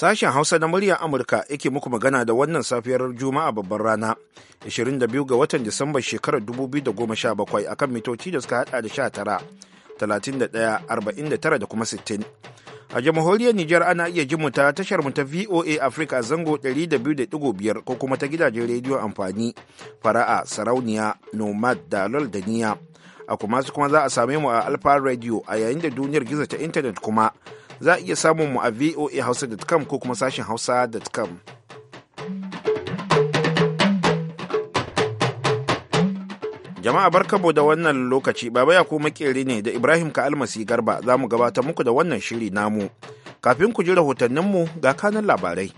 Sashen Hausa na muryar Amurka yake muku magana da wannan safiyar Juma'a babbar rana 22 ga watan Disambar shekarar 2017 akan mitoci da suka hada da 19, 31, 49 da kuma 60. A jamhuriyar Nijar ana iya jin ta tashar mu ta VOA Africa zango 200.5 ko kuma ta gidajen rediyo amfani fara'a sarauniya nomad da lal da niya. A kuma kuma za a same mu a Alfa Radio a yayin da duniyar gizo ta intanet kuma za a iya samun mu a voa ko kuma sashen hausa.com jama'a barkamu da wannan lokaci baba ya kuma makeri ne da ibrahim ka almasi garba za mu gabatar muku da wannan shiri namu kafin ku ji rahotanninmu ga kanan labarai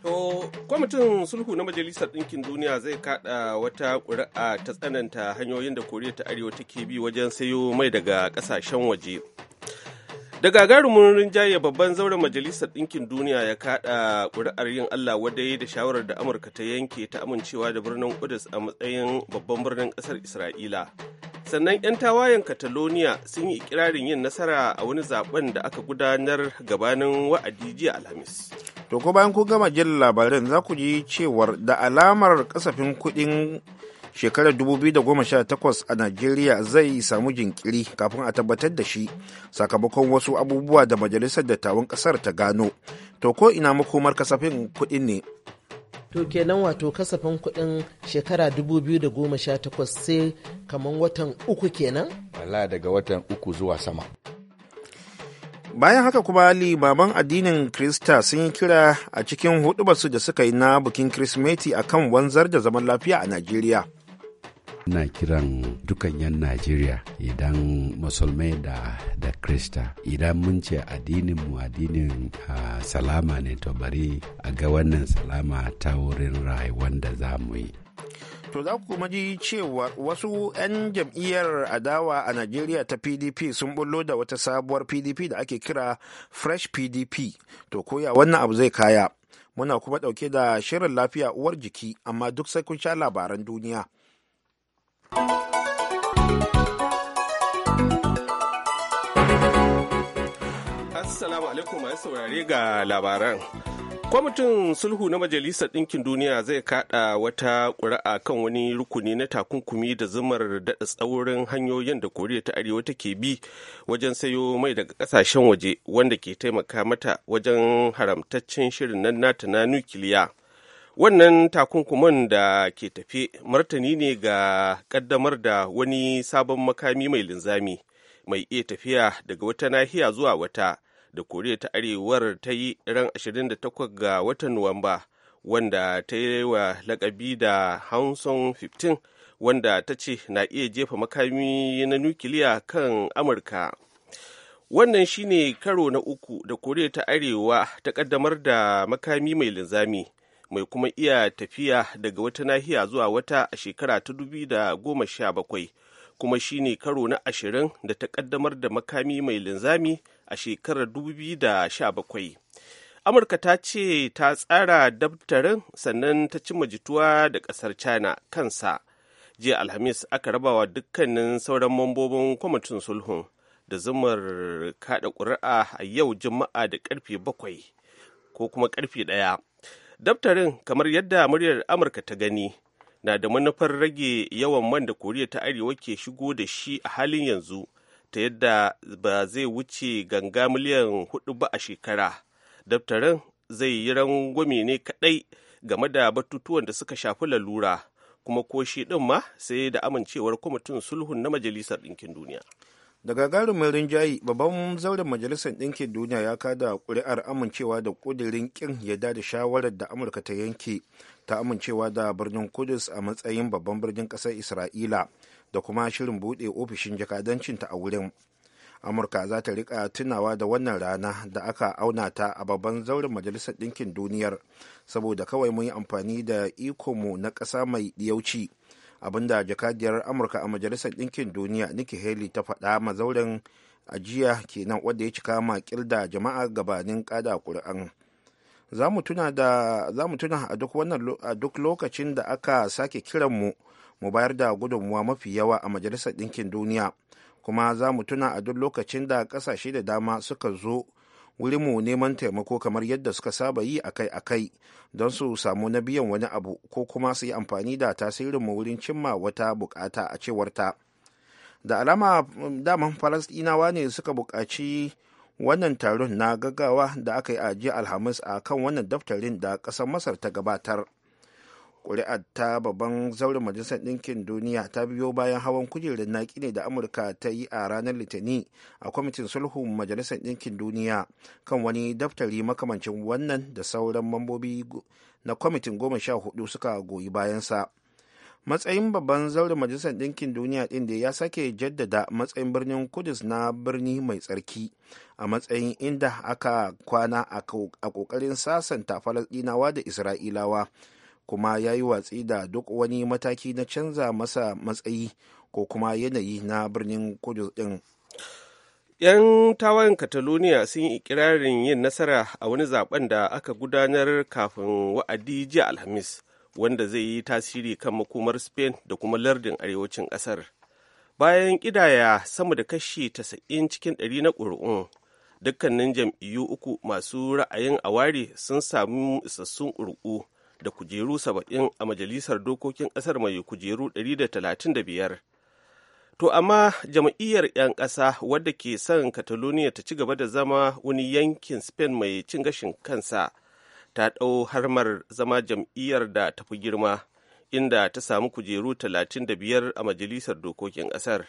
To, kwamitin sulhu na Majalisar Ɗinkin Duniya zai kada wata ƙuri'a ta tsananta hanyoyin da Koriya ta Arewa take bi wajen sayo mai daga ƙasashen waje. da gagarumin rinjaye babban zauren majalisar ɗinkin duniya ya kaɗa ƙuri'ar yin allah wadai da shawarar da amurka ta yanke ta amincewa da birnin kudus a matsayin babban birnin ƙasar isra'ila sannan 'yan tawayen catalonia sun yi ikirarin yin nasara a wani zaben da aka gudanar gabanin wa'adi jiya alhamis to ko bayan ku gama jin labarin za ku ji cewar da alamar kasafin kuɗin shekarar 2018 a najeriya zai samu jinkiri kafin a tabbatar da shi sakamakon wasu abubuwa da majalisar dattawan kasar ta gano to ko ina makomar kasafin kuɗin ne to kenan wato kasafin kuɗin shekara 2018 sai kamar watan uku kenan wala daga watan uku zuwa sama bayan haka kuma limaman addinin krista sun yi kira a cikin hudubarsu da suka yi na bikin a kan wanzar da zaman lafiya a najeriya ina kiran dukan 'yan najeriya idan musulmai da da krista idan mun ce addinin mu addinin salama ne to bari a ga wannan salama ta wurin rayuwar da za mu yi to za ku ji cewa wasu 'yan jam'iyyar adawa a najeriya ta pdp sun bullo da wata sabuwar pdp da ake kira fresh pdp to koya wannan abu zai kaya muna kuma ɗauke da shirin lafiya uwar jiki amma duk sai kun sha labaran duniya. Assalamu alaikum masu saurare ga labaran. Kwamitin sulhu na Majalisar Ɗinkin Duniya zai kaɗa wata ƙuri'a kan wani rukuni na takunkumi da zumar daɗa tsaurin hanyoyin da Koriya ta Arewa take bi wajen sayo mai daga ƙasashen waje wanda ke taimaka mata wajen haramtaccen shirin nan nata na nukiliya. wannan takunkuman da ke tafe martani ne ga kaddamar da wani sabon makami mai linzami mai iya tafiya daga wata nahiya zuwa wata da koriya ta arewar ta yi ran 28 ga watan nuwamba wanda ta yi wa lakabi da hanson 15 wanda ta ce na iya jefa makami na nukiliya kan amurka wannan shine karo na uku da koriya ta arewa ta kaddamar da makami mai linzami mai kuma iya tafiya daga wata nahiya zuwa wata a shekara ta dubi da goma sha bakwai kuma shi ne karo na ashirin da ta kaddamar da makami mai linzami a shekarar dubi da sha bakwai amurka ta ce ta tsara daftarin sannan ta ci jituwa da kasar china kansa jiya alhamis aka rabawa dukkanin sauran mambobin kwamitin sulhun da zumar kada ƙuri'a a yau juma'a da karfe bakwai ko kuma karfe ɗaya daftarin kamar yadda muryar amurka ta gani na da manufar rage yawan man da koriya ta arewa ke shigo da shi a halin yanzu ta yadda ba zai wuce ganga miliyan hudu ba a shekara daftarin zai yi rangwame ne kadai game da batutuwan da suka shafi lalura kuma ko shi ɗin ma sai da amincewar kwamitin sulhun na majalisar ɗinkin duniya da gagarumin rinjayi babban zauren majalisar ɗinkin duniya ya kada ƙuri'ar amincewa da ƙudurin ƙin yadda da shawarar da amurka ta yanke ta amincewa da birnin kudus a matsayin babban birnin ƙasar isra'ila da kuma shirin buɗe ofishin jakadancinta a wurin amurka za ta riƙa tunawa da wannan rana da aka auna ta a babban zauren majalisar ɗinkin duniyar saboda kawai mun yi amfani da mu na ƙasa mai ɗiyauci abinda jakadiyar amurka a majalisar ɗinkin duniya nikki haley ta faɗa mazaurin ajiya kenan wadda ya cika makil da jama'a gabanin kada ƙuri'an za mu tuna a duk lokacin da aka sake kiran mu mu bayar da gudunmuwa mafi yawa a majalisar ɗinkin duniya kuma za mu tuna a duk lokacin da ƙasashe da dama suka zo wurin mu neman taimako kamar yadda suka saba yi akai-akai don su samu na biyan wani abu ko kuma su yi amfani da tasirin mu wurin cimma wata bukata a cewarta da alama daman falastinawa ne suka bukaci wannan taron na gaggawa da aka yi a alhamis a kan wannan daftarin da ƙasar masar ta gabatar ƙuri'ar ta babban zauren majalisar ɗinkin duniya ta biyo bayan hawan kujerar naƙi ne da amurka ta yi a ranar litinin a kwamitin Sulhu majalisar ɗinkin duniya kan wani daftari makamancin wannan da sauran mambobi na kwamitin goma sha hudu suka goyi bayansa matsayin babban zauren majalisar ɗinkin duniya ɗin da ya sake jaddada matsayin birnin kudus na birni mai tsarki a matsayin inda aka kwana a ƙoƙarin sasanta falasɗinawa da isra'ilawa kuma ya yi watsi da duk wani mataki na canza masa matsayi ko kuma yanayi na birnin kudu din. 'yan tawayen catalonia sun yi ikirarin yin nasara a wani zaben da aka gudanar kafin wa'adi jiya alhamis wanda zai yi tasiri kan makomar spain da kuma lardin arewacin kasar. bayan ƙidaya sama da kashi 90 cikin 100 na ƙuri'un dukkanin jam'iyyu uku masu ra'ayin awari sun samu isassun ƙuri'u da kujeru 70 a majalisar dokokin ƙasar mai kujeru 135 to amma jam'iyyar 'yan ƙasa wadda ke son catalonia ta ci gaba da zama wani yankin spain mai cin gashin kansa ta ɗau harmar zama jam'iyyar da ta fi girma inda ta samu kujeru 35 a majalisar dokokin ƙasar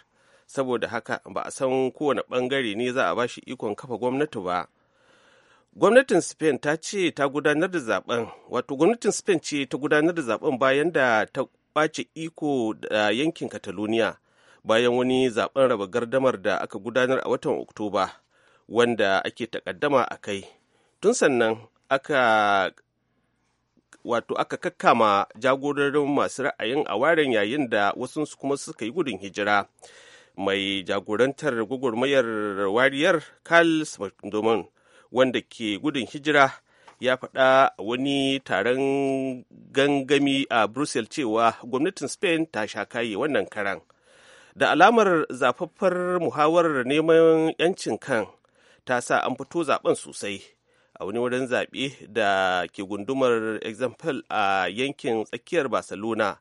saboda haka ba a san kowane ɓangare ne za a bashi ikon kafa gwamnati ba gwamnatin spain ta ce ta gudanar da zaben wato gwamnatin spain ce ta gudanar da zaben bayan da ta ɓace iko da yankin catalonia bayan wani zaben raba gardamar da aka gudanar a watan oktoba wanda ake takaddama a kai tun sannan aka wato aka kakkama jagororin masu ra'ayin a waren yayin da wasu kuma suka yi gudun hijira mai jagorantar gwagwarmayar wariyar carl wanda ke gudun hijira ya faɗa wani taron gangami a brussels cewa gwamnatin spain ta sha kaye wannan karan da alamar zafaffar muhawarar neman 'yancin kan ta sa an fito zaben sosai a wani wurin zaɓe da ke gundumar example a yankin tsakiyar barcelona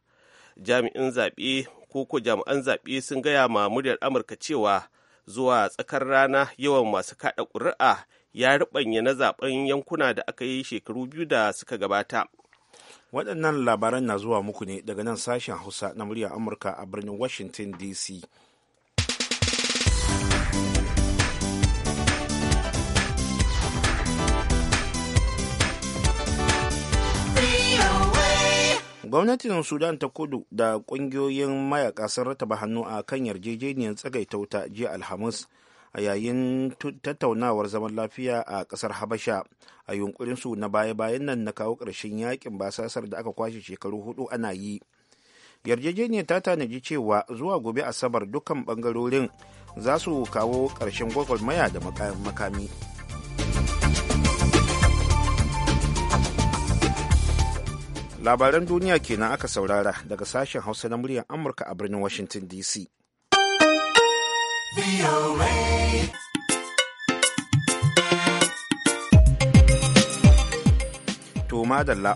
jami'in zaɓe ko ko jami'an zaɓe sun gaya ma muryar amurka cewa zuwa tsakar rana yawan masu kaɗa ƙuri'a ya riɓanya na zaben yankuna da aka yi shekaru biyu da suka gabata waɗannan labaran na zuwa muku ne daga nan sashen hausa na muryar amurka a birnin washington dc gwamnatin sudan ta kudu da ƙungiyoyin mayaka sun rataba hannu a kan yarjejeniyar tsagaita wuta jiya alhamis a yayin tattaunawar zaman lafiya a kasar habasha a yunkurinsu na baya-bayan nan na kawo ƙarshen yakin basasar da aka kwashe shekaru hudu ana yi yarjejeniyar ta tanaji cewa zuwa gobe asabar dukkan bangarorin za su kawo ƙarshen gwagwarmaya da makami labaran duniya kenan aka saurara daga sashen hausa na muryar amurka a birnin washington dc To madalla.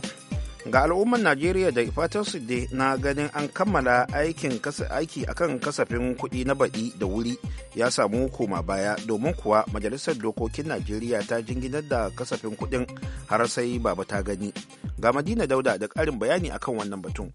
ga al'ummar najeriya da fatan su dai na ganin an kammala aikin aiki kan kasafin kuɗi na baɗi da wuri ya samu koma baya domin kuwa majalisar dokokin najeriya ta jinginar da kasafin kuɗin har sai baba ta gani ga madina dauda da ƙarin bayani akan wannan batun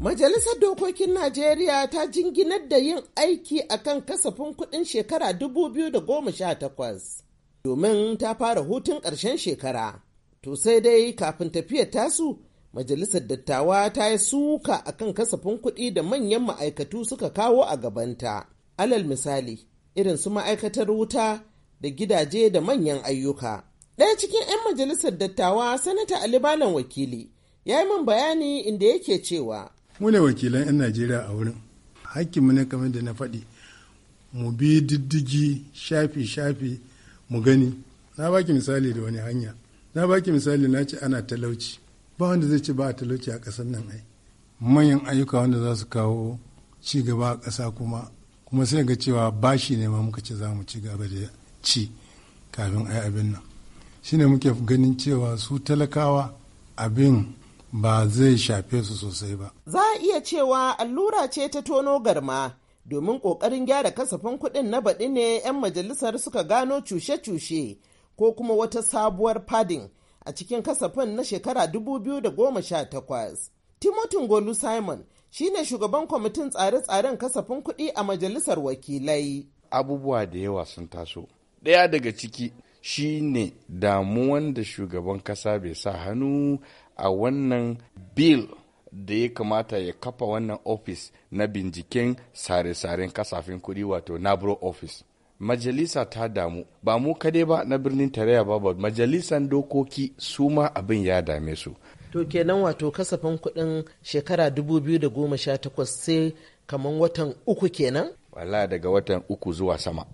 Majalisar Dokokin Najeriya ta jinginar da yin aiki a kan kasafin kuɗin shekara 2018 domin ta fara hutun ƙarshen shekara. To sai dai kafin tafiyar tasu, Majalisar Dattawa ta yi suka a kan kasafin kuɗi da manyan ma'aikatu suka kawo a gabanta. Alal misali, irin su ma'aikatar wuta da gidaje da manyan ayyuka. Ɗaya cikin 'yan majalisar dattawa, Sanata Ali Wakili, ya yi min bayani inda yake cewa mu ne wakilan 'yan najeriya a wurin hakkinmu ne kamar da na faɗi mu bi diddigi shafi-shafi mu gani na baki misali da wani hanya na baki misali na ce ana talauci ba wanda zai ce ba a talauci a ƙasar nan ai manyan ayyuka wanda za su kawo ci gaba a ƙasa kuma kuma sai ga cewa bashi ne ma muka ce za mu ci gaba da ci kafin ai abin nan shine muke ganin cewa su talakawa abin ba zai shafe su sosai ba. Za a iya cewa allura ce ta tono garma domin ƙoƙarin gyara kasafin kuɗin na baɗi ne 'yan majalisar suka gano cushe-cushe ko kuma wata sabuwar fadin a cikin kasafin na shekara 2018. Timotin Golu Simon shi ne shugaban kwamitin tsare-tsaren kasafin kuɗi a majalisar wakilai. Abubuwa da yawa sun taso. Ɗaya daga ciki shine damuwan da shugaban kasa bai sa hannu a wannan bill da ya kamata ya kafa wannan ofis na binciken sare-saren kasafin kuɗi wato nabro office majalisa ta damu ba mu kadai ba na birnin tarayya ba ba majalisan dokoki su ma abin ya dame su to kenan wato kasafin kuɗin shekara 2018 sai kamar watan uku kenan wala daga watan uku zuwa sama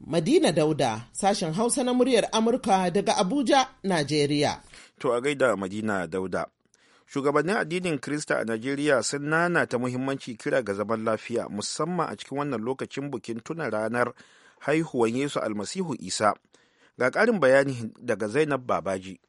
madina dauda sashen hausa na muryar amurka daga abuja najeriya To a gaida Madina Dauda. Shugabannin addinin Krista a Najeriya sun nana ta muhimmanci kira ga zaman lafiya musamman a cikin wannan lokacin bukin tuna ranar haihuwan Yesu Almasihu Isa. Ga karin bayani daga Zainab Babaji.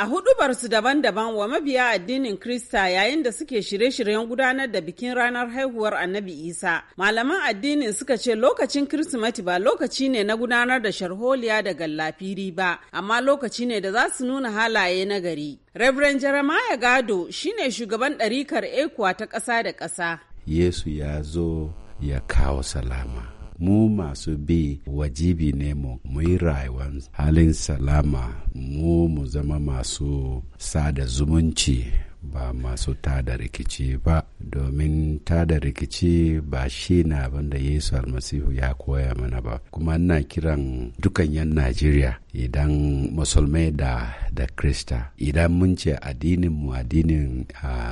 A hudubarsu daban-daban wa mabiya addinin Krista yayin da suke shirye-shiryen gudanar da bikin ranar haihuwar Annabi Isa, malaman addinin suka ce lokacin Kirsimeti ba lokaci ne na gudanar da sharholiya da gallafiri ba, amma lokaci ne da za su nuna halaye na gari. Reverend Jeremiah Gado shine shugaban ɗarikar ekuwa ta ƙasa da ƙasa. Yesu ya zo ya kawo salama. mu masu bi wajibi ne mu muyi yi rayuwar halin salama mu mu zama masu sada zumunci ba masu tada rikici ba domin tada rikici ba shi na abin da yesu almasihu ya koya mana ba kuma ina kiran dukan yan najeriya idan musulmai da da krista idan mun ce addinin mu addinin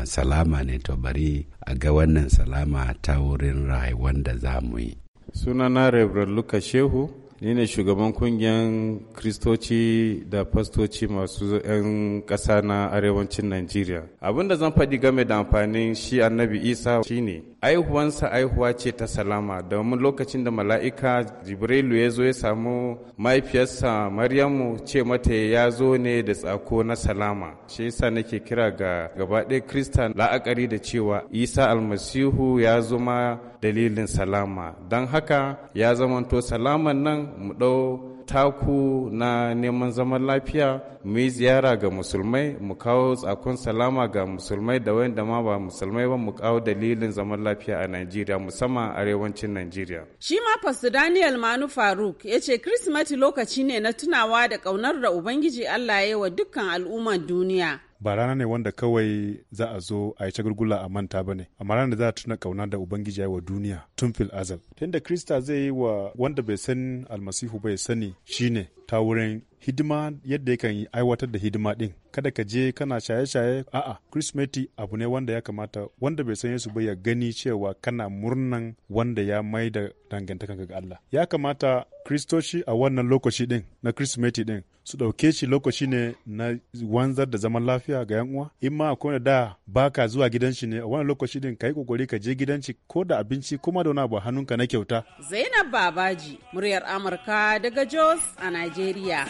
salama ne to bari a ga wannan salama ta wurin rayuwar da za mu yi sunana Reverend Luka Shehu ni ne shugaban kungiyar kristoci da fastoci masu 'yan ƙasa na arewacin Najeriya. Abin da zan faɗi game da amfanin shi annabi Isa shine aihuwansa aihuwa ce ta salama domin lokacin da mala'ika jibrilu ya zo ya samu mahaifiyarsa maryamu ce mata ya zo ne da tsako na salama shi yasa nake kira ga gabaɗaya krista la'akari da cewa isa almasihu ya zama dalilin salama don haka ya zamanto salaman nan mu ɗau taku na neman zaman lafiya mu yi ziyara ga musulmai mu kawo tsakon salama ga musulmai da wanda ma ba musulmai ba mu kawo dalilin zaman lafiya a Najeriya musamman arewacin Najeriya. Shi ma Pastor Daniel Manu Faruk ya ce Kirsimeti lokaci ne na tunawa da kaunar da Ubangiji Allah ya yi wa dukkan al'ummar duniya. ba rana ne wanda kawai za a zo a yi shagulgula a manta ba ne amma rana da za a tuna kauna da ubangiji ya wa duniya tun fil azal tunda krista zai yi wa wanda bai san almasihu bai sani shine ta wurin hidima yadda yakan yi aiwatar da hidima din kada ka je kana shaye-shaye a'a krismeti abu ne wanda ya kamata wanda bai san yesu ba ya gani cewa kana murnan wanda ya mai da dangantaka ga allah ya kamata kristoci a wannan lokaci din na kristimeti din su ɗauke shi lokaci ne na wanzar da zaman lafiya ga yan uwa in ma akwai da baka zuwa gidan shi ne a wannan lokaci din kai kokari ka je gidan shi ko da abinci kuma da wani abu hannunka na kyauta Zainab Babaji muryar Amurka daga Jos a nigeria.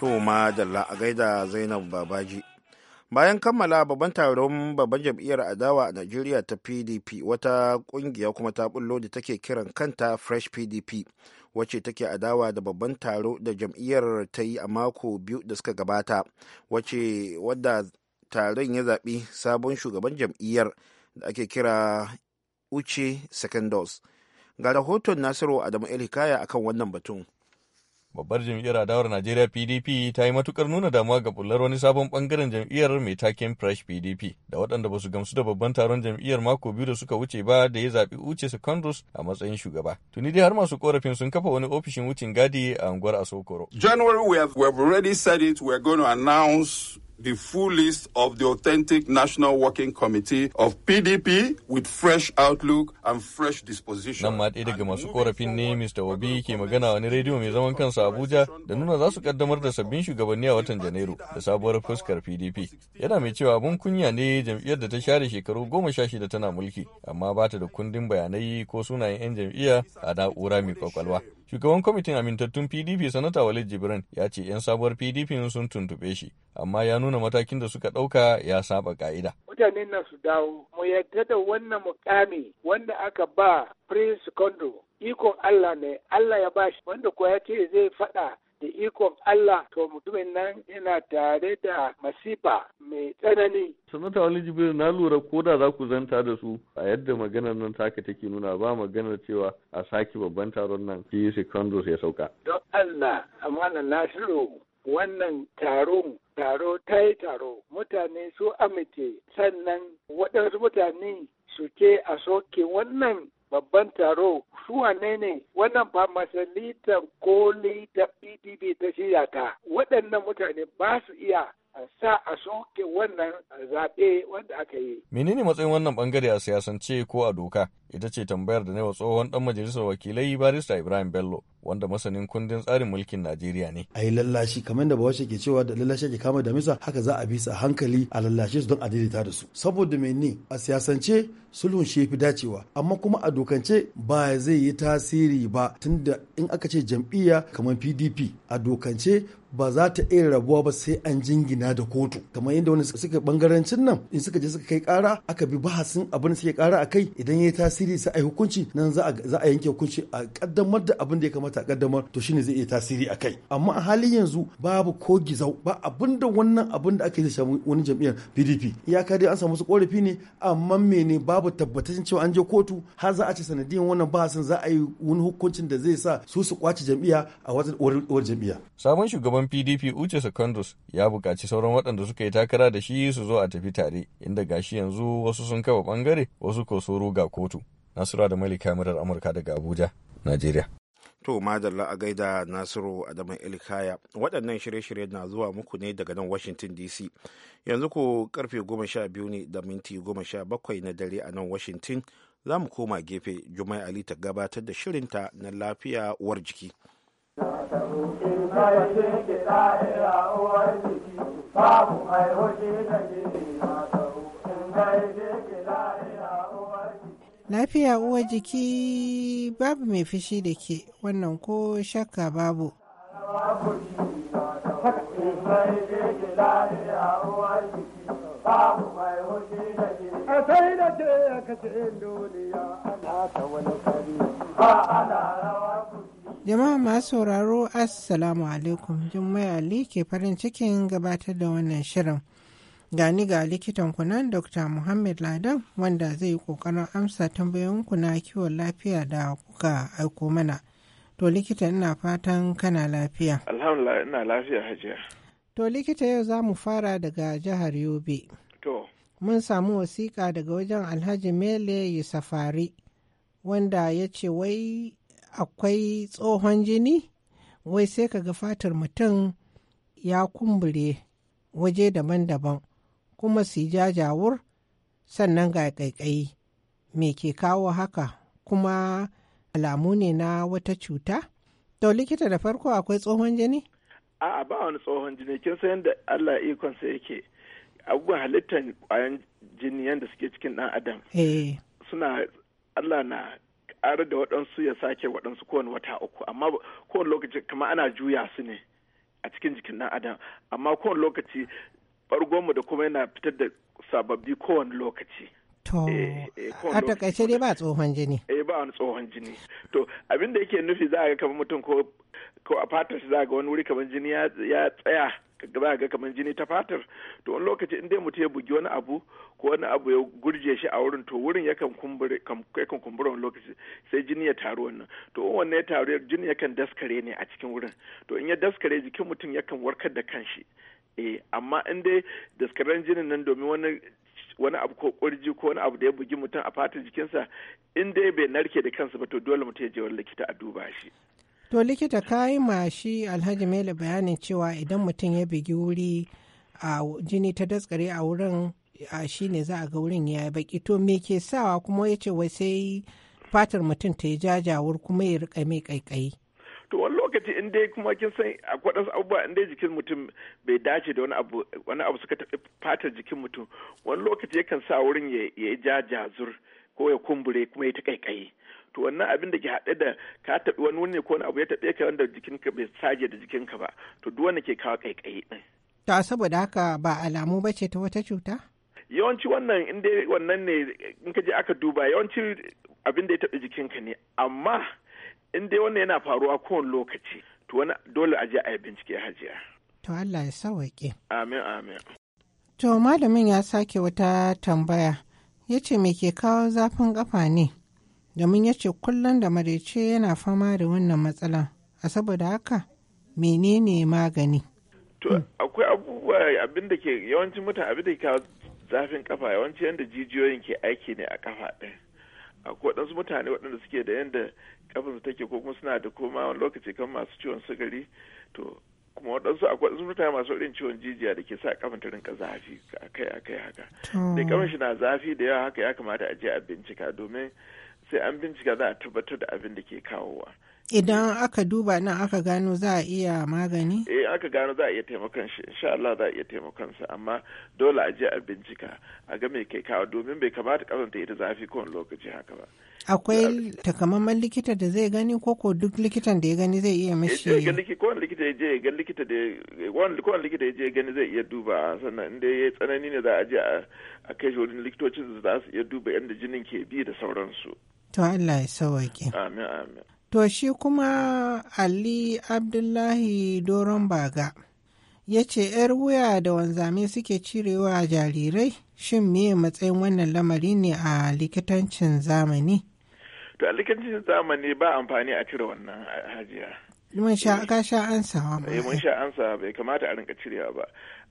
To ma dalla a gaida Zainab Babaji bayan kammala babban taron babban jam'iyyar adawa a najeriya ta pdp wata kungiya kuma ta bullo da take kiran kanta fresh pdp wacce take adawa da babban taro da jam'iyyar ta yi a mako biyu da suka gabata wacce wadda taron ya zaɓi sabon shugaban jam'iyyar da ake kira uche secondos ga rahoton nasiru adamu el hikaya akan wannan batun Babbar jam'iyyar adawar Najeriya PDP ta yi matukar nuna damuwa ga bullar wani sabon bangaren jam'iyyar mai taken Fresh PDP da waɗanda ba su gamsu da babban taron jam'iyyar mako biyu da suka wuce ba da ya zaɓi Uche Secondus a matsayin shugaba. Tuni dai har masu korafin sun kafa wani ofishin wucin gadi a unguwar Asokoro. January we have, we have already said it we are going to announce the full list of the authentic National Working Committee of PDP with fresh outlook and fresh disposition. Nan ma daga masu korafin ne Mr. Obi ke magana wani rediyo mai zaman kansa Abuja da nuna za su kaddamar da sabbin shugabanni a watan Janairu da sabuwar fuskar PDP. Yana mai cewa abun kunya ne jam'iyyar da ta share shekaru goma sha shida tana mulki amma ba ta da kundin bayanai ko sunayen 'yan jam'iyya a na'ura mai kwakwalwa. Shugaban kwamitin amintattun PDP Sanata Walid Jibran ya ce 'yan sabuwar PDP sun tuntube shi, amma ya nuna matakin da suka ɗauka ya saba ka'ida. Mutane na su dawo, mu yadda da wannan mukami wanda aka ba Prince Kondo ikon Allah ne, Allah ya bashi wanda kuwa ya ce zai faɗa da ikon Allah to mutumin nan yana tare da masifa mai tsanani. Sanata wani jibiru na lura ko da za ku zanta da su a yadda maganar nan taka take nuna ba maganar cewa a sake babban taron nan ki secondos ya sauka. Don Allah amma na Nasiru wannan taron taro ta yi taro mutane su amince sannan waɗansu mutane suke a soke wannan babban taro su wane ne wannan ba masalitan koli da pdp ta shirya ta waɗannan mutane ba su iya sa a soke wannan zaɓe wanda aka yi. Menene matsayin wannan bangare a siyasance ko a doka? Ita ce tambayar da wa tsohon dan majalisar wakilai barista Ibrahim Bello wanda masanin kundin tsarin mulkin Najeriya ne. A yi lallashi kamar da bawashe ke cewa da lallashi ke kama da misa haka za a bi su hankali a lallashe su don a daidaita da su. Saboda menene a siyasance sulhun shi fi dacewa amma kuma a dokance ba zai yi tasiri ba tunda in aka ce jam'iyya kamar PDP a dokance ba za ta iya rabuwa ba sai an jingina da kotu kamar yadda wani suka bangarancin nan in suka je suka kai kara aka bi bahasin abin suke kara a kai idan ya yi tasiri sai a yi hukunci nan za a yanke hukunci a kaddamar da abin da ya kamata a kaddamar to shine zai iya tasiri a kai amma a halin yanzu babu ko gizau ba abin da wannan abin da aka yi samu wani jam'iyyar PDP ya dai an samu su korafi ne amma mene babu tabbatacin cewa an je kotu har za a ce sanadiyan wannan bahasin za a yi wani hukuncin da zai sa su su kwace jam'iyya a wajen jam'iyya sabon shugaban shugaban PDP Uche Secondus ya buƙaci sauran waɗanda suka yi takara da shi su zo a tafi tare, inda gashi yanzu wasu sun kafa bangare wasu ko soro ga kotu. Nasura da mali kamar Amurka daga Abuja, Najeriya. To madalla a gaida Nasiru Adamu Ilkaya. Waɗannan shirye-shirye na zuwa muku ne daga nan Washington DC. Yanzu ko karfe goma sha biyu ne da minti goma sha bakwai na dare a nan Washington za mu koma gefe Jumai Ali ta gabatar da shirinta na lafiya uwar jiki. Lafiya uwa jiki babu mai fushi da ke wannan ko shakka babu. Sai ce ka ana ta wani kari ba ana rawa. Jama'a masu sauraro Assalamu alaikum Jummai Ali ke farin cikin gabatar da wannan shirin. Gani ga likitan kunan Dr. Muhammad Ladan wanda zai yi kokarin amsa tambayoyinku na kiwon lafiya da kuka aiko mana. To likita ina fatan kana lafiya. Alhamdulillah ina lafiya hajiya. To likita yau za mu fara daga jihar Yobe. To. Mun samu wasiƙa daga wajen Alhaji Mele safari wanda ya ce wai akwai tsohon jini wai sai ka ga fatar mutum ya kumbure waje daban-daban kuma su jajawur sannan ga ƙaiƙayi me ke kawo haka kuma alamu ne na wata cuta to likita da farko akwai tsohon jini a'a ba wani tsohon jini kin san yadda Allah ikonsa yake abubuwan halittar kwayan jini yadda suke cikin dan adam eh. suna Allah na ƙarar da waɗansu ya sake waɗansu kowane wata uku amma kowane lokaci kama ana juya su ne a cikin jikin ɗan adam amma kowane lokaci ɓargonmu da kuma yana fitar da sababbi kowane lokaci To, eh, eh, a takaice dai ba tsohon jini. Eh ba wani tsohon jini. To, abin da yake nufi za a ga kamar mutum ko a fatar shi za a ga wani wuri kamar jini ya tsaya ba ga kamar jini ta fatar to wani lokaci in dai mutum ya bugi wani abu ko wani abu ya gurje shi a wurin to wurin yakan kumbure kumbura wani lokaci sai jini ya taru wannan to in wannan ya taru jini yakan daskare ne a cikin wurin to in ya daskare jikin mutum yakan warkar da kanshi eh amma in dai daskaren jinin nan domin wani wani abu ko kurji ko wani abu da ya bugi mutum a fatar jikinsa in dai bai narke da kansa ba to dole mutum ya je wani likita a duba shi To likita ka yi mashi Alhaji Mele bayanin cewa idan mutum ya bigi wuri a jini ta daskare a wurin a shi ne za a ga wurin ya baki to me ke sawa kuma ya ce wai sai fatar mutum ta yi jajawar kuma ya rika mai kaikayi. to wani lokaci in dai kuma kin san a kwaɗansu abubuwa in dai jikin mutum bai dace da wani abu wani abu suka taɓi fatar jikin mutum wani lokaci yakan sa wurin ya yi jajazur ko ya kumbure kuma ya ta kaikayi to wannan abin da ke haɗe da ka taɓi wani wuni ko wani abu ya taɓe ka wanda jikinka bai saje da jikinka ba to duk wanda ke kawo ƙaiƙayi ɗin. To saboda haka ba alamu ba ce ta wata cuta? Yawanci wannan in dai wannan ne in ka je aka duba yawanci abin da ya taɓi jikinka ne amma in dai wannan yana faruwa kowane lokaci to wani dole a je a yi bincike hajiya. To Allah ya sawaƙe. Amin amin. To malamin ya sake wata tambaya ya ce me ke kawo zafin ƙafa ne? domin ya ce kullum da marece yana fama da wannan matsalan a saboda haka menene magani to hmm. akwai abubuwa abin da ke yawancin mutane abin da ke zafin kafa yawanci yadda jijiyoyin ke aiki ne a kafa ɗin akwai waɗansu mutane waɗanda suke da yadda su take ko kuma suna da koma wani lokaci kan masu ciwon sukari to kuma waɗansu akwai waɗansu mutane masu irin ciwon jijiya da ke sa kafin ta rinka zafi akai akai haka da kafan shi na zafi da yawa haka ya kamata a je a bincika domin sai an bincika za a tabbatar da abin da ke kawowa. Idan aka duba nan aka gano za a iya magani? Eh aka gano za a iya taimakon shi, insha Allah za a iya taimakon sa amma dole a je a bincika a ga mai kai kawo domin bai kamata kasan ita yi da zafi kowane lokaci haka ba. Akwai takamaman likita da zai gani ko ko duk likitan da ya gani zai iya eh, mashi. Ya ga likita wani likita ya je ga likita da ko wani likita ya je gani zai iya duba sannan in dai ya tsanani ne za a je a kai shi wurin likitocin da za su iya duba yadda jinin ke bi da sauransu. To Allah ya sawaƙe. Amin amin. To shi kuma Ali Abdullahi Doron Baga ya ce ‘yar wuya da wanzame suke cirewa a jarirai shin me matsayin wannan lamari ne a likitancin zamani? To a likitancin zamani ba amfani a cire wannan hajiya. Mun sha eh. sha an sawa ba. Eh, mun sha an sawa bai kamata a rinka cirewa ba.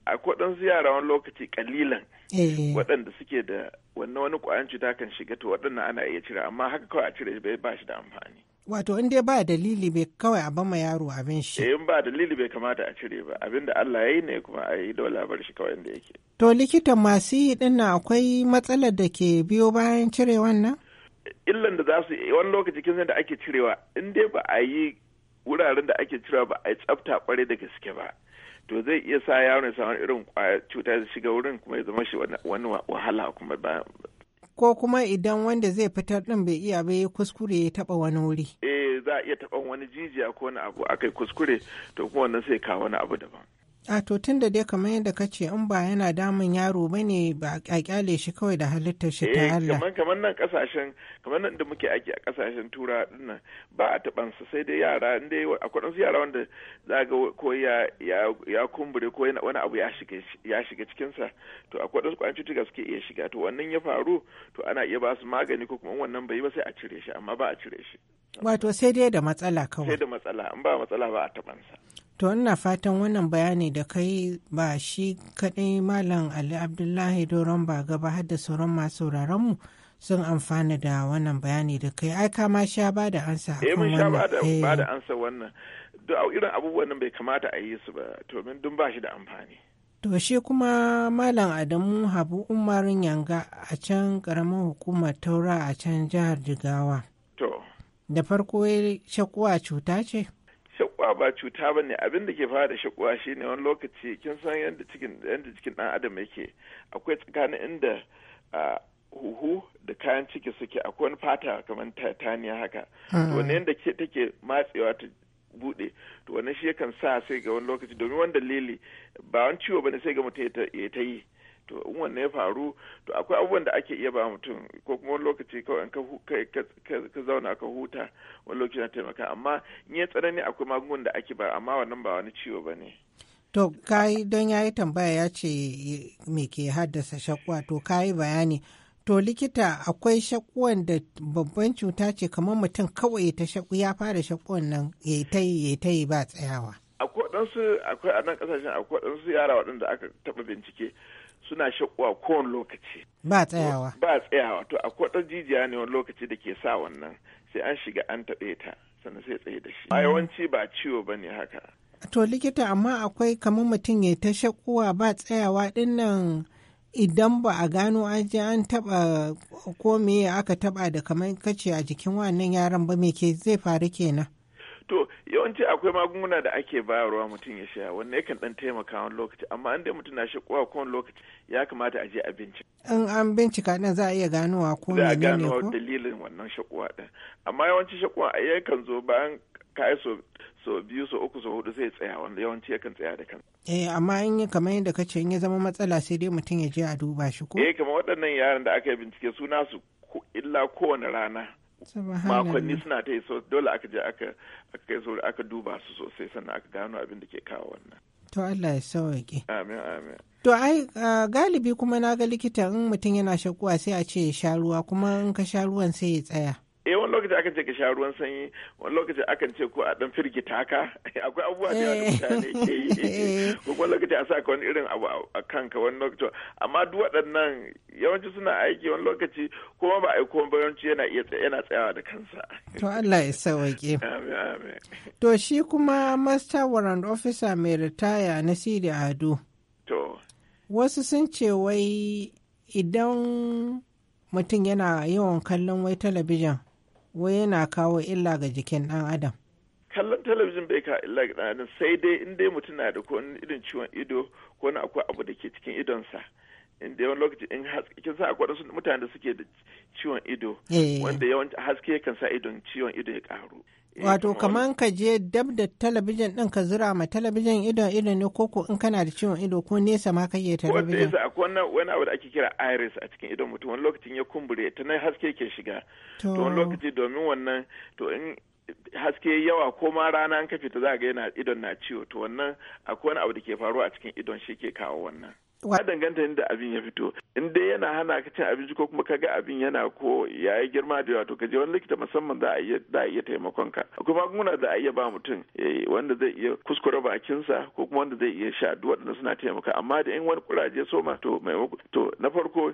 akwai ɗan yara wani lokaci kalilan eh. waɗanda suke da wannan wani ƙwayan cuta kan shiga to waɗannan ana iya cire amma haka kawai a cire bai ba shi da amfani. Wato in dai ba dalili bai kawai a bama yaro abin shi. Eh in ba dalili bai kamata a cire ba abin da Allah ya yi ne kuma a yi dole bar shi kawai inda yake. To likita masu yi din akwai matsalar da ke biyo bayan cire wannan? Illan da za su yi, wani lokaci kin da ake cirewa in dai ba a yi wuraren da ake cirewa ba a yi tsafta kwarai da gaske ba. to zai iya sa yaron ya samu irin cuta da shiga wurin kuma ya zama shi wani wahala kuma ba ko kuma idan wanda zai fitar din bai iya bai kuskure ya taba wani wuri eh za a iya taba wani jijiya ko wani abu akai kuskure to kuma wannan sai kawo wani abu daban a to tun da dai kamar yadda ka ce in ba yana damun yaro ba ne ba a kyale shi kawai da halittar shi ta eh, Allah. kamar kamar nan kasashen kamar nan da muke aiki a kasashen tura dinnan ba a taban su sai dai yara inda akwai su yara wanda za ga ko ya ya kumbure ko wani abu ya shiga ya shiga cikin sa to akwai wasu kwanci tuga suke iya shiga to wannan ya faru to ana iya ba su magani ko kuma wannan bai ba sai a cire shi amma ba a cire shi. wato sai dai da matsala kawai. sai da matsala in ba matsala ba a taban sa. To ina fatan wannan bayani da kai ba shi kaɗai Malam Ali Abdullahi Doron ba gaba har da sauran masu mu sun amfana da wannan bayani da kai ai ka ma sha ba da ansa eh, a sha eh. ba da ansa wannan irin abubuwan bai kamata a yi su ba to min dun ba da amfani To shi kuma Malam Adamu Habu Umarin Yanga a can ƙaramin hukumar Taura a can jihar Jigawa. To. Da farko shakuwa cuta ce? ba ba cuta bane abin da ke fara shakuwa shi ne wani lokaci kin san yadda cikin yadda cikin dan adam yake akwai tsakanin inda huhu da kayan ciki suke akwai wani fata kamar titaniya haka mm. wani yadda take matsewa ta bude to wannan shi yakan sa sai ga wani lokaci domin wani dalili ba wani ciwo bane sai ga mutum ya ta yi to in wanne ya faru to akwai abubuwan da ake iya ba mutum ko kuma wani lokaci kawai in ka zauna ka huta wani lokaci na taimaka amma in ya tsanani akwai magungunan da ake ba amma wannan ba wani ciwo ba ne. To kai don ya yi tambaya ya ce me ke haddasa shakwa to kayi bayani to likita akwai shakuwan da babban cuta ce kamar mutum kawai ta shaku ya fara shakuwan nan ya ta yi ya ta yi ba tsayawa. Akwai ɗansu akwai a nan ƙasashen akwai ɗansu yara waɗanda aka taɓa bincike suna shakuwa kowane lokaci. Ba tsayawa. Ba tsayawa. To akwai ɗan jijiya ne wani lokaci da ke sa wannan sai an shiga an taɓe ta sannan sai tsaye da shi. A yawanci ba ciwo ba ne haka. To likita amma akwai kamar mutum ya ta shakuwa ba tsayawa dinnan idan ba a gano an je an taɓa ko me aka taɓa da kamar kace a jikin wannan yaron ba me ke zai faru kenan. to yawanci akwai magunguna da ake bayarwa mutum ya sha wanne yakan dan taimaka wani lokaci amma inda mutum na shi kowa kowane lokaci ya kamata a je a bincika in an bincika din za a iya ganowa ko ne ne ko za a dalilin wannan shakuwa din amma yawanci shakuwa a yakan zo bayan ka yi so so biyu so uku so hudu zai tsaya wanda yawanci yakan tsaya da kan eh amma in yi kamar yadda ka ce in ya zama matsala sai dai mutum ya je a duba shi ko eh kamar waɗannan yaran da aka yi bincike su nasu illa kowane rana makonni suna ta so dole aka je aka kai so aka duba su sosai sannan aka gano abin da ke kawo wannan to Allah ya sauke amin amin to ai galibi kuma na ga likita in mutum yana shakuwa sai a ce ya sha ruwa kuma in ka sha ruwan sai ya tsaya eh wani lokaci akan ce ka sha ruwan sanyi wani lokaci akan ce ko a dan firgita ka akwai abubuwa da wani mutane ke yi eh. ko wani lokaci a sa ka wani irin abu a kanka wani lokaci amma duk waɗannan yawanci suna aiki wani lokaci kuma ba a yi ko ba yawanci yana yana tsayawa da kansa to Allah ya sauke amin amin to shi kuma master warrant officer mai ritaya na Sidi Ado to wasu sun ce wai idan mutum yana yawan kallon wai talabijin wai yana kawo illa ga jikin ɗan adam kallon talabijin bai ka illa ga ɗan adam sai dai in dai mutum na da ko irin ciwon ido ko na akwai abu da ke cikin idonsa in da yawan lokaci in kin sa akwai wasu mutane da suke da ciwon ido eh. wanda yawanci haske kan sa idon ciwon ido ya karu Eh, Wato kaman ka je dab da talabijin ɗin ka zura ma talabijin idon ido ne ko in kana da ciwon ido ko nesa ma ka iya talabijin. Wanda akwai wani abu da ake kira iris a cikin idon mutum wani lokacin ya kumbure ta nan haske ke shiga. To wani lokaci domin wannan to in haske yawa ko ma rana an ka fita za ga yana idon na ciwo to wannan akwai wani abu da ke faruwa a cikin idon shi ke kawo wannan. ya danganta inda abin ya fito in dai yana hana ka cin abinci ko kuma ga abin yana ko ya yi girma da yawa to ka je wani likita musamman za a iya taimakon ka akwai magunguna da a iya ba mutum eh, wanda zai iya kuskure bakinsa ko kuma wanda zai iya sha duk waɗanda suna taimaka amma da in wani kuraje soma to mai to na farko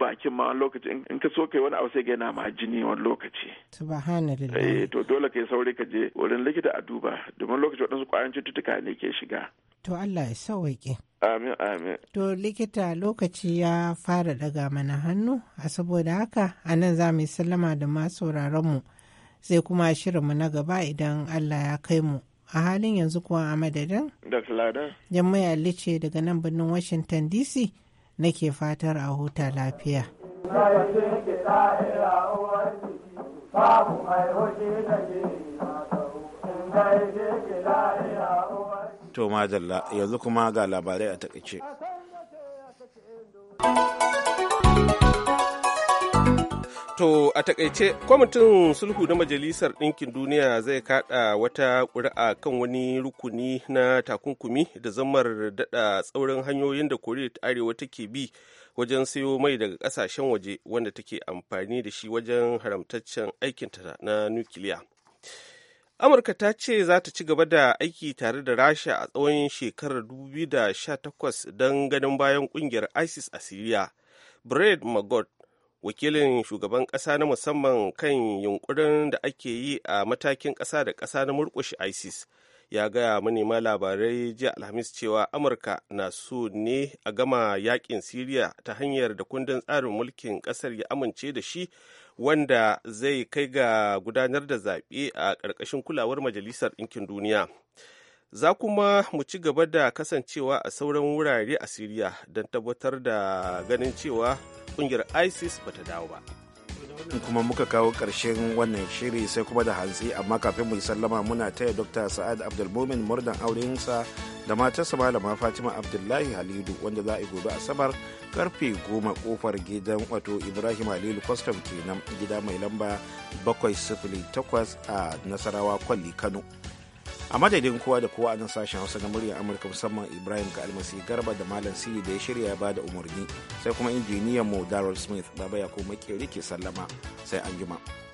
bakin ma lokaci in ka so kai wani abu sai ga yana ma jini wani lokaci subhanallah eh to dole kai saurayi ka je wurin likita a duba domin lokaci waɗansu ƙwayoyin cututtuka ne ke shiga to Allah ya sauwaƙe amin amin to likita lokaci ya fara daga mana hannu a saboda haka a nan za mu yi sallama da masu mu sai kuma shirinmu na gaba idan Allah ya kai mu a halin yanzu kuwa a madadin? Dr. Lada. Jammai Alice daga nan birnin Washington DC nake fatar a huta lafiya. To madalla yanzu kuma ga labarai a takaice. To a takaice kwamitin sulhu na Majalisar Ɗinkin Duniya zai kaɗa wata ƙuri'a kan wani rukuni na takunkumi da zammar daɗa tsaurin hanyoyin da Koriya ta Arewa take bi wajen sayo mai daga ƙasashen waje wanda take amfani da shi wajen haramtaccen aikinta na nukiliya. Amurka ta ce za ta ci gaba da aiki tare da Rasha a tsawon shekarar 2018 don ganin bayan ƙungiyar ISIS a Siriya. bred Magot wakilin shugaban ƙasa na musamman kan yunkurin da ake yi a matakin ƙasa da ƙasa na murƙushe isis ya gaya manema labarai jiya alhamis cewa amurka na so ne a gama yakin siriya ta hanyar da kundin tsarin mulkin ƙasar ya amince da shi wanda zai kai ga gudanar da zaɓe a ƙarƙashin kulawar majalisar ɗinkin duniya za kuma mu ci gaba da kasancewa a sauran wurare a siriya don tabbatar da ganin cewa kungiyar isis ba ta dawo ba kuma muka kawo ƙarshen wannan shiri sai kuma da hantsi amma kafin mu yi sallama muna taya dr sa'ad abdulmumin murdan aurensa da matarsa malama fatima abdullahi halidu wanda za a yi gobe asabar karfe goma kofar gidan wato ibrahim halilu kwastam kenan gida mai lamba bakwai sifili takwas a nasarawa kwalli kano a madadin kowa da kowa a nan sashen hausa na muryar amurka musamman ibrahim ga almasi garba da malam siri da ya shirya ya bada umarni sai kuma injiniyan mu darrell smith baba ya kuma ke sallama sai anjima. jima.